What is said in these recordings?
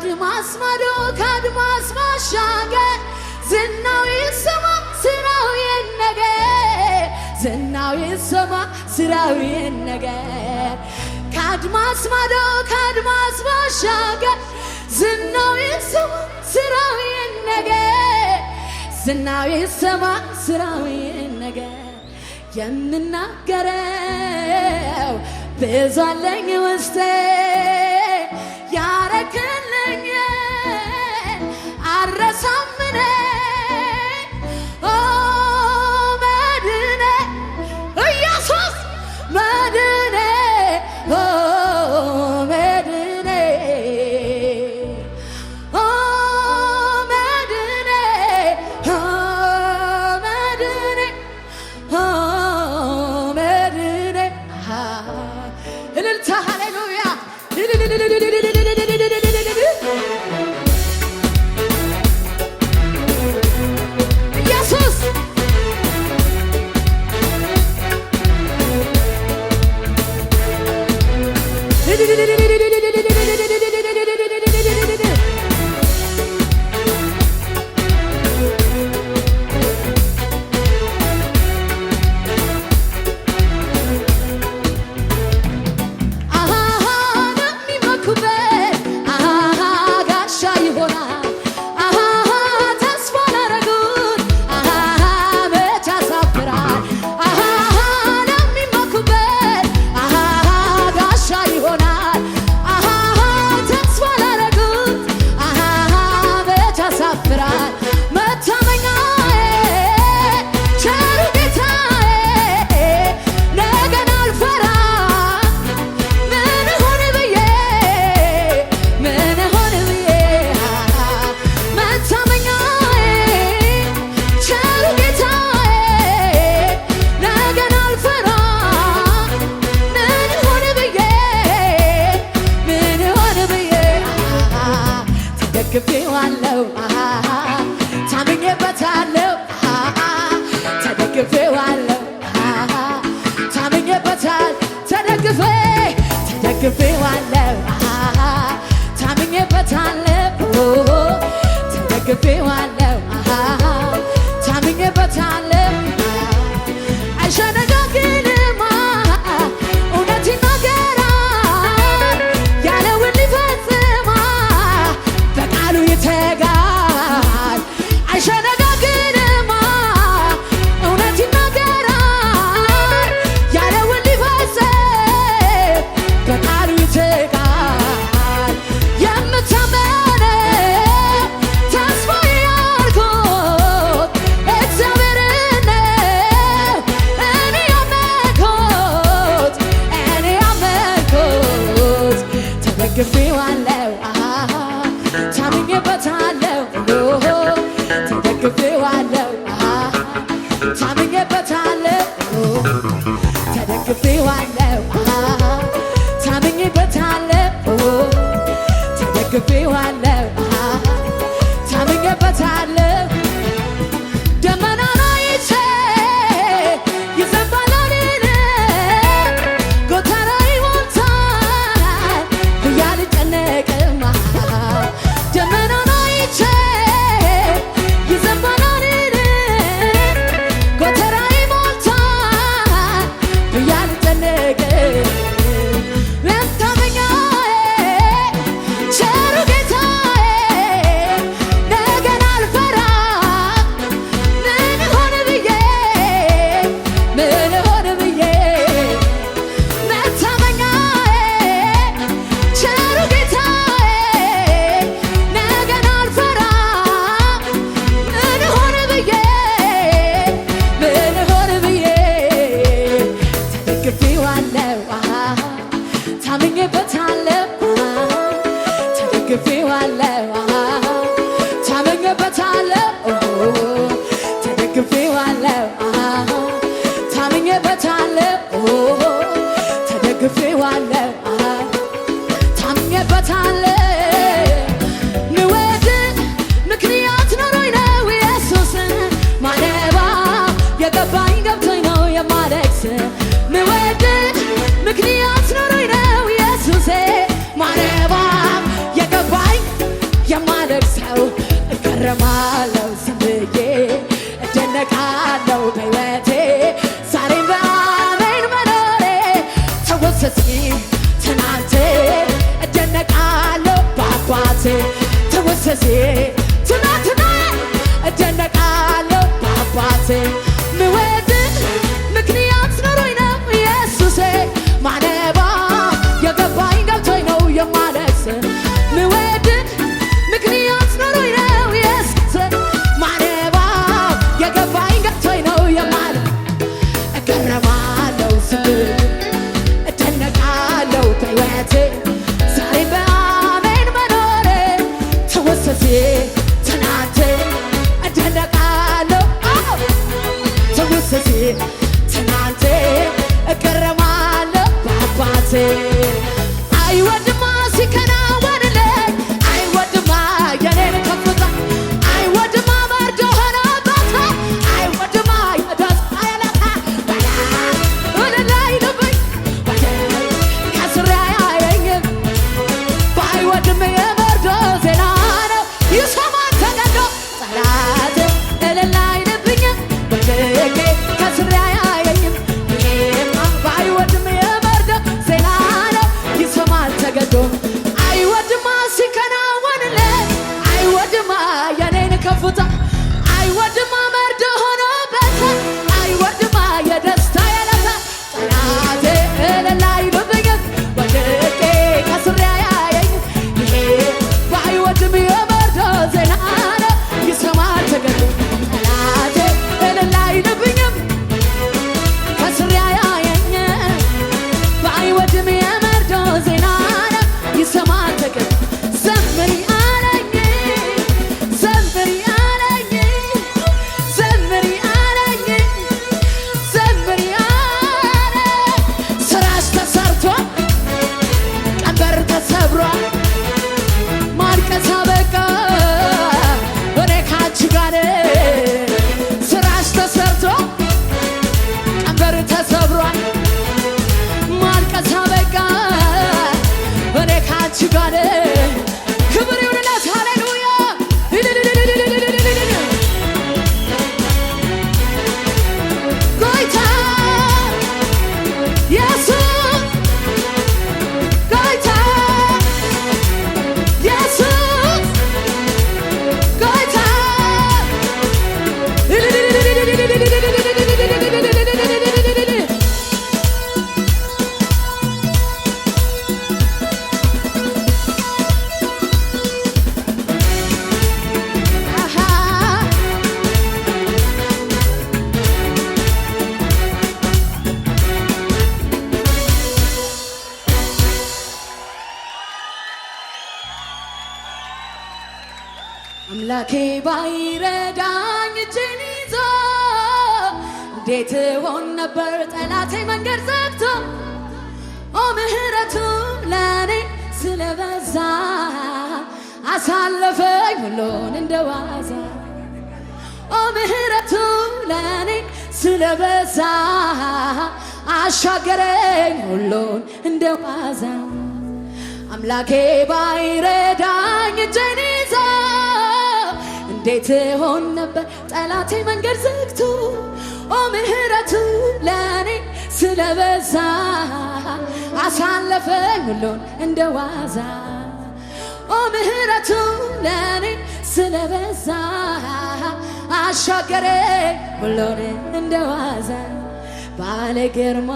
ከአድማስ ማዶ ከአድማስ ባሻገር ዝናው ይሰማ ስራው ይነገር ዝናው ይሰማ ስራው ይነገር ከአድማስ ማዶ ከአድማስ ባሻገር ዝናው ይሰማ ስራው ይነገር ዝናው ይሰማ ስራው ይነገር የምናገረው ብዙ አለኝ ውስጤ ያረክ አምኜዋለሁ ታምኜበታለሁ ተደግፌዋለሁ ታምኜበታል ተደግፌ ዋለው ታምኜበታለሁ I love አለው በህይወቴ ዛሬም በአሜን መኖሬ ተወሰስኝ ትናንቴ እደነቃለሁ በአባቴ ተወሰሴ አምላኬ ባይረዳኝ እጄን ይዞ እንዴት ሆን ነበር ጠላቴ መንገድ ዘግቶ። ኦ ምሕረቱ ለኔ ስለበዛ አሳለፈኝ ሁሉን እንደዋዛ። ኦ ምሕረቱ ለኔ ስለበዛ አሻገረኝ ሁሉን እንደዋዛ። አምላኬ ባይረዳኝ እጄን ይዞ እንዴት ሆን ነበር ጠላቴ መንገድ ዘግቶ ኦ ምህረቱ ለእኔ ስለበዛ አሳለፈ ሁሉን እንደ ዋዛ ኦ ምህረቱ ለእኔ ስለበዛ አሻገሬ ሁሉን እንደ ዋዛ ባለ ግርማ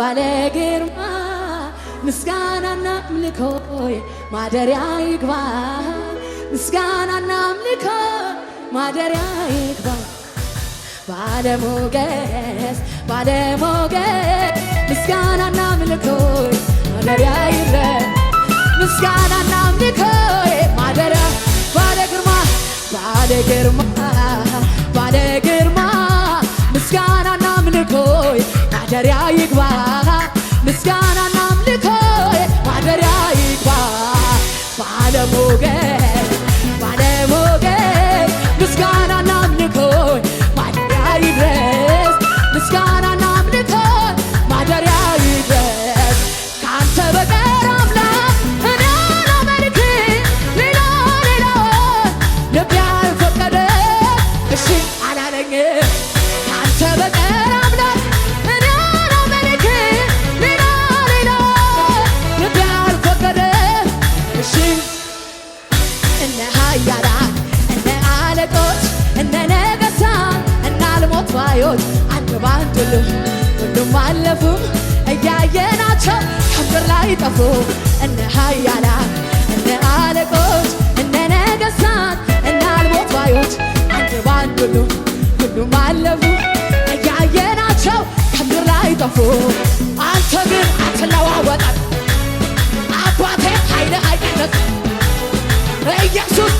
ባለ ግርማ ምስጋናና አምልኮዬ ማደሪያ ይግባ ምስጋናና አምልኮ ማደሪያ ይግባ ባለሞገስ ባለሞገስ ምስጋናና አምልኮ ማደሪያ ይግባ ምስጋናና አምልኮ ማደሪያ ባለ ግርማ ባለ ግርማ ባለ ግርማ ምስጋናና አምልኮ ማደሪያ ይግባ ባዮት አንድ ባንድ ልም ሁሉም እያየናቸው ከምድር ላይ ጠፉ እነ እነ አለቆች እነ ነገሥታት እነ አልሞት ባዮች አንድ ባንድ ልም ሁሉም አለፉ እያየናቸው ከምድር ላይ ጠፉ። አንተ ግን አትለዋወጣል አባቴ ኃይልህ ኢየሱስ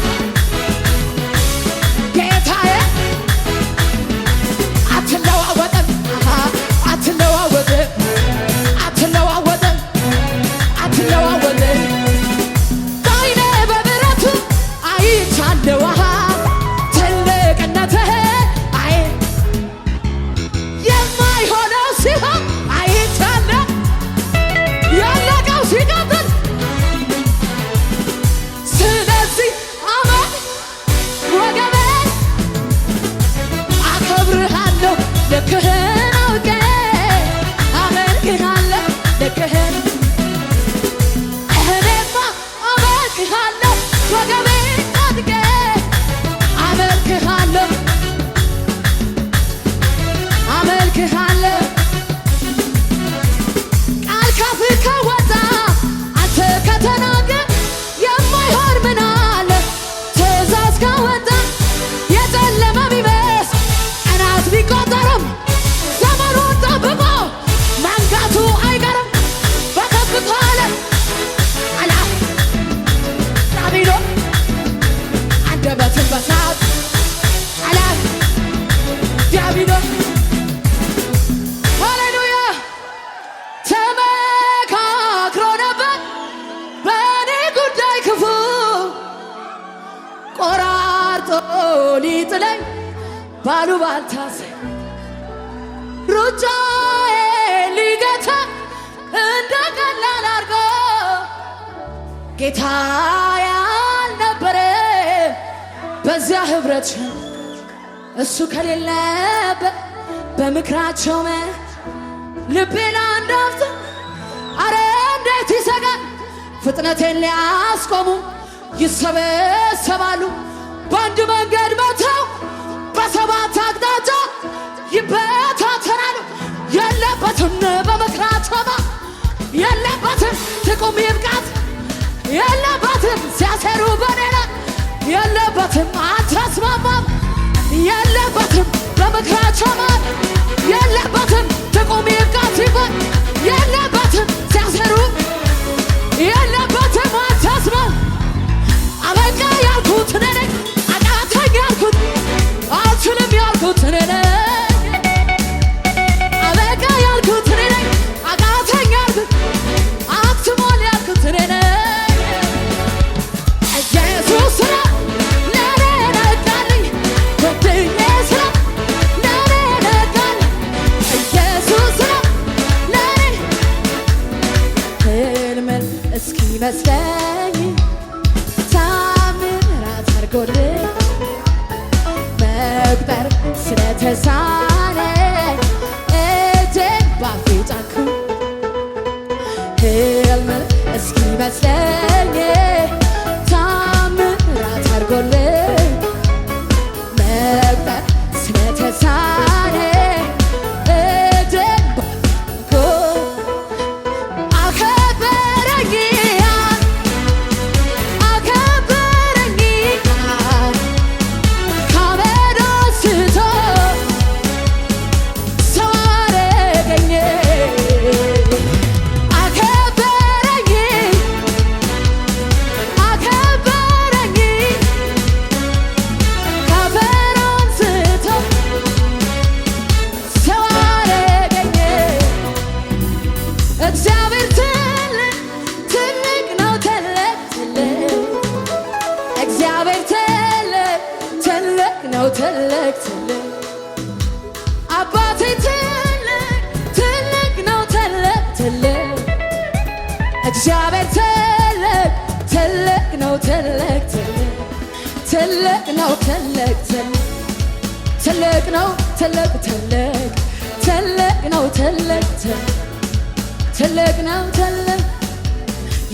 በዚያ ህብረት እሱ ከሌለ በምክራቸው መ ልቤን አንዳፍት አረ እንዴት ይሰጋል ፍጥነቴን ሊያስቆሙ ይሰበሰባሉ። በአንድ መንገድ መተው በሰባት አቅጣጫ ይበታተናሉ። የለበትን በምክራቸማ የለበትን ትቁም ይብቃት የለበትን ሲያሰሩ በኔ የለበትም አታስማማም የለበትም በምክራቸው ትልቅ ትልቅ አባቴ ትልቅ ትልቅ ነው ትልቅ ትልቅ እግዚአብሔር ትልቅ ትልቅ ነው ትልቅ ትልቅ ትልቅ ነው ትልቅ ትልቅ ትልቅ ነው ትልቅ ትልቅ ትልቅ ነው ትልቅ ትልቅ ትልቅ ነው ትልቅ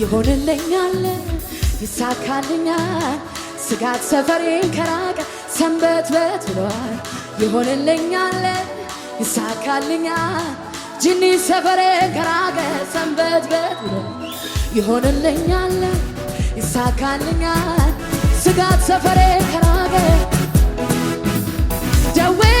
ይሆንልኛል ይሳካልኛል ስጋት ሰፈሬን ከራቀ ሰንበት በት ብሏል። ይሆንልኛል፣ ይሳካልኛል። ጅኒ ሰፈሬ ገራገ ሰንበት በት ብሏል። ይሆንልኛል፣ ይሳካልኛል። ስጋት ሰፈሬ ገራገ ደዌ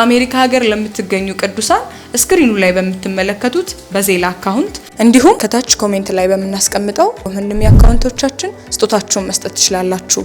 በአሜሪካ ሀገር ለምትገኙ ቅዱሳን ስክሪኑ ላይ በምትመለከቱት በዜላ አካውንት እንዲሁም ከታች ኮሜንት ላይ በምናስቀምጠው ምንም አካውንቶቻችን ስጦታችሁን መስጠት ትችላላችሁ።